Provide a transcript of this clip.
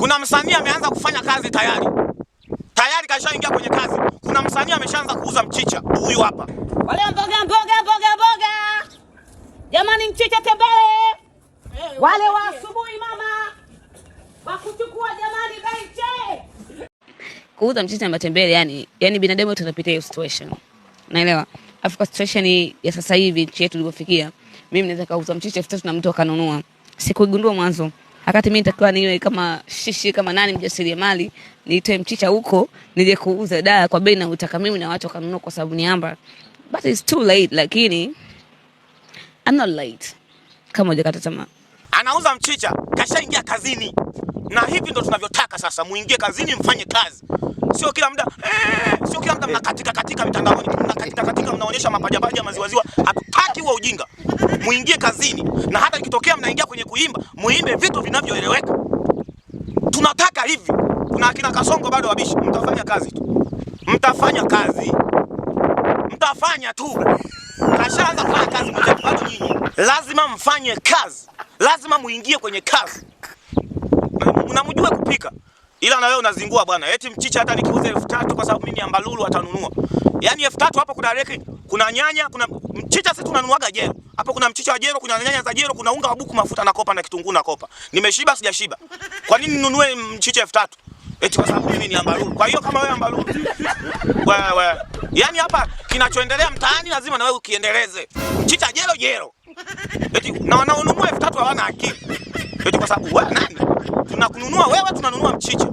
Kuna msanii ameanza kufanya kazi tayari, tayari kashaingia kwenye kazi. Kuna msanii ameshaanza kuuza mchicha, huyu hapa. Wale mboga mboga mboga mboga, jamani, mchicha tembele, wale wa asubuhi mama wakuchukua jamani, baiche kuuza mchicha na matembele. Yani, yani binadamu wote tunapitia hiyo situation, naelewa. Afu kwa situation ya sasa hivi nchi yetu ilivyofikia, mimi naweza kauza mchicha elfu tatu na mtu akanunua. Sikuigundua mwanzo akati mimi nitakiwa niwe kama shishi kama nani mjasiria mali niite mchicha huko nije kuuza daa kwa bei nautaka mimi na watu wakanunua kwa sababu ni amba. But it's too late, lakini I'm not late. Kama hujakata tamaa. Anauza mchicha, kashaingia kazini. Na hivi ndo tunavyotaka sasa, muingie kazini mfanye kazi. Sio kila mda eh, sio kila mda mnakatika katika mitandaoni, mnakatika katika mnaonyesha mapajapaja maziwaziwa wa ujinga, muingie kazini, na hata ikitokea mnaingia kwenye kuimba, muimbe vitu vinavyoeleweka. Tunataka hivi. Kuna akina Kasongo bado wabishi, mtafanya kazi tu, mtafanya kazi, mtafanya tu. Kashaanza kufanya kazi moja bado nyinyi, lazima mfanye kazi, lazima muingie kwenye kazi. Mnamjua kupika ila na wewe unazingua bwana, eti mchicha hata nikiuza elfu tatu kwa sababu mimi ambalulu atanunua. Yaani elfu tatu hapo kuna rekodi kuna nyanya, kuna mchicha. Sisi tunanunuaga jero hapo, kuna mchicha wa jero, kuna nyanya za jero, kuna unga wa buku, mafuta na kopa na kitunguu na kopa. Nimeshiba sijashiba? Kwa nini ninunue mchicha elfu tatu? Eti kwa sababu mimi ni ambaruru. Kwa hiyo kama wewe ambaruru, wewe yani, hapa kinachoendelea mtaani lazima na wewe ukiendeleze. Mchicha jero jero, eti na wanaonunua elfu tatu hawana akili, eti kwa sababu wewe nani? Tunakununua wewe, tunanunua mchicha